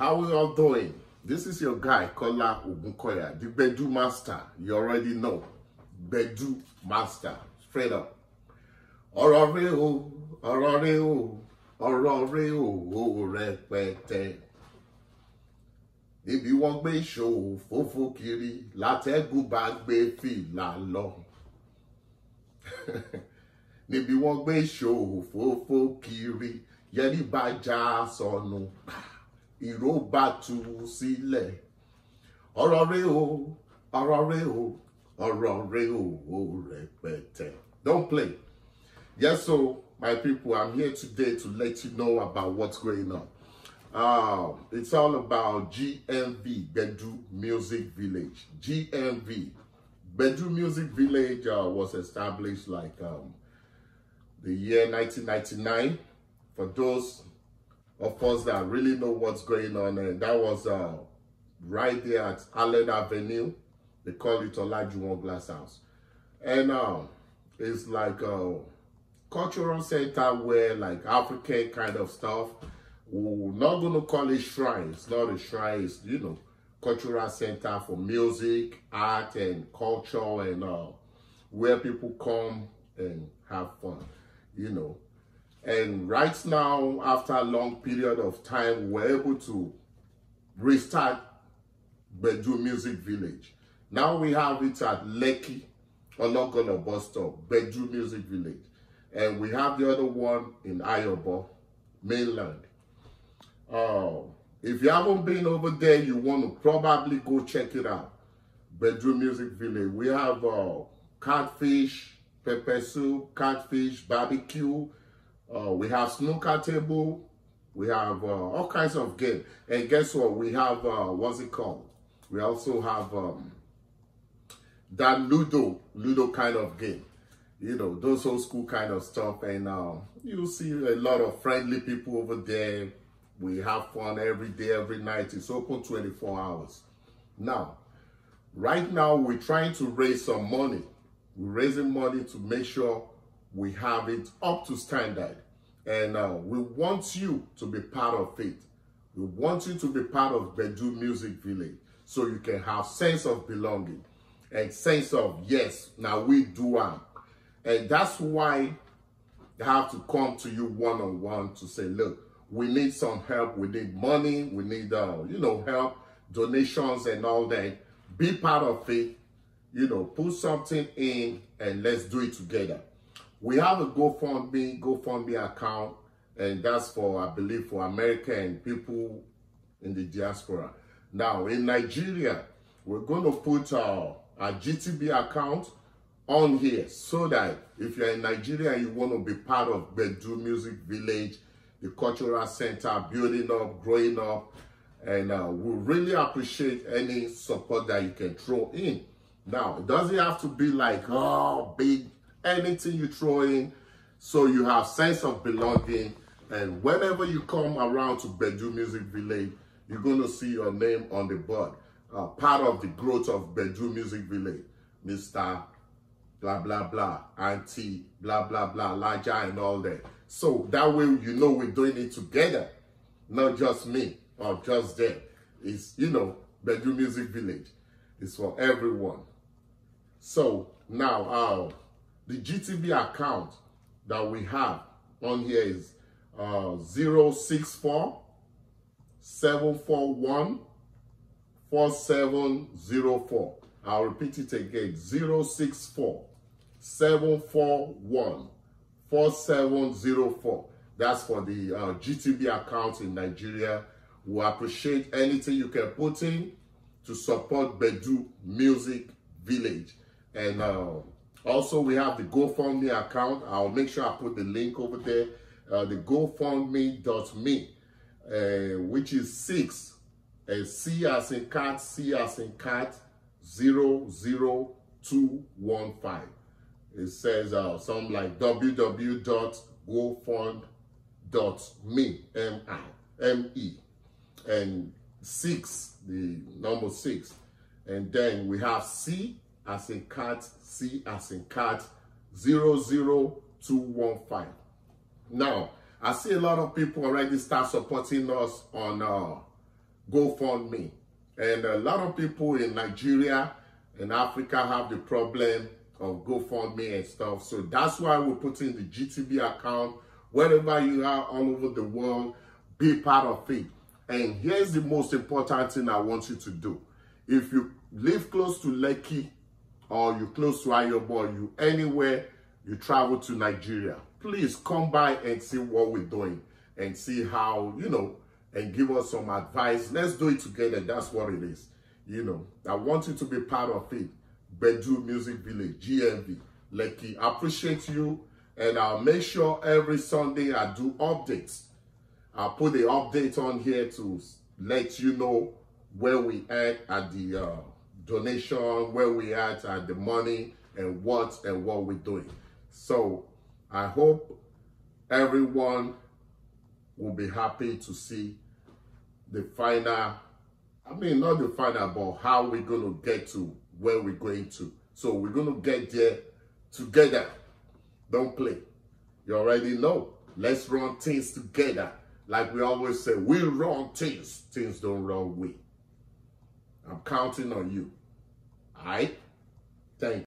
How we all doing? This is your guy, Kola Ogunkoya, the Bedu Master. You already know. Bedu Master. Straight up. Ọ̀rọ̀ rẹ o, ọ̀rọ̀ rẹ o, ọ̀rọ̀ rẹ o, o rẹpẹtẹ. Níbi wọ́n gbé ìṣòwò fófó kiri, látẹ́gùn bá gbé fìlà lọ. Níbi wọ́n gbé ìṣòwò fófó kiri, yẹrí bá já sọnù. ìró bá tú sílẹ̀ ọ̀rọ̀ rẹ o ọ̀rọ̀ rẹ o ọ̀rọ̀ rẹ o o rẹpẹtẹ don't play yes so my people i'm here today to let you know about what's going on um, it's all about gmv bedu music village gmv bedu music village uh, was established like um, the year 1999 for those of us that really know what's going on. And that was uh, right there at Allen Avenue. They call it Olajuwon Glass House. And um, it's like a cultural center where like African kind of stuff. We're not going to call it shrine. It's not a shrine. It's, you know, cultural center for music, art, and culture, and uh, where people come and have fun, you know. And right now, after a long period of time, we're able to restart Bedu Music Village. Now we have it at Lekki, Olokolo bus stop, Bedu Music Village. And we have the other one in Ayobo, mainland. Uh, if you haven't been over there, you want to probably go check it out. Bedroom Music Village. We have uh, catfish, pepper soup, catfish, barbecue, uh, we have snooker table. We have uh, all kinds of game. And guess what? We have, uh, what's it called? We also have um, that Ludo, Ludo kind of game. You know, those old school kind of stuff. And uh, you see a lot of friendly people over there. We have fun every day, every night. It's open 24 hours. Now, right now, we're trying to raise some money. We're raising money to make sure we have it up to standard. And uh, we want you to be part of it. We want you to be part of Bedu Music Village so you can have sense of belonging and sense of, yes, now we do am. And that's why they have to come to you one-on-one -on -one to say, look, we need some help. We need money. We need, uh, you know, help, donations and all that. Be part of it. You know, put something in and let's do it together. We have a GoFundMe, GoFundMe account, and that's for, I believe, for America and people in the diaspora. Now, in Nigeria, we're going to put our, our GTB account on here so that if you're in Nigeria you want to be part of Bedu Music Village, the cultural center, building up, growing up, and uh, we really appreciate any support that you can throw in. Now, it doesn't have to be like, oh, big anything you throw in. So you have sense of belonging. And whenever you come around to Bedu Music Village, you're going to see your name on the board. Uh, part of the growth of Bedu Music Village. Mr. Blah, blah, blah. Auntie, blah, blah, blah. Laja and all that. So that way you know we're doing it together. Not just me or just them. It's, you know, Bedu Music Village. It's for everyone. So now, uh, the GTB account that we have on here is uh, 064 741 4704. I'll repeat it again 064 741 4704. That's for the uh, GTB account in Nigeria. We appreciate anything you can put in to support Bedu Music Village. And uh, also, we have the GoFundMe account. I'll make sure I put the link over there. Uh, the GoFundMe.me, uh, which is 6, uh, C as in cat, C as in cat, zero zero two one five. It says uh, something like www.gofund.me, M-I, M-E, and 6, the number 6. And then we have C as in cat, C as in cat, 00215. Now, I see a lot of people already start supporting us on uh, GoFundMe. And a lot of people in Nigeria and Africa have the problem of GoFundMe and stuff. So that's why we're putting the GTB account wherever you are all over the world, be part of it. And here's the most important thing I want you to do. If you live close to Lekki or you're close to Ayobo, you anywhere you travel to Nigeria, please come by and see what we're doing and see how, you know, and give us some advice. Let's do it together. That's what it is. You know, I want you to be part of it. Bedu Music Village, GMV, Lekki. I appreciate you. And I'll make sure every Sunday I do updates. I'll put the update on here to let you know where we at at the uh, donation, where we at, and the money, and what and what we're doing. So I hope everyone will be happy to see the final, I mean, not the final, but how we're going to get to where we're going to. So we're going to get there together. Don't play. You already know. Let's run things together. Like we always say, we run things. Things don't run we. I'm counting on you. All right? Thank you.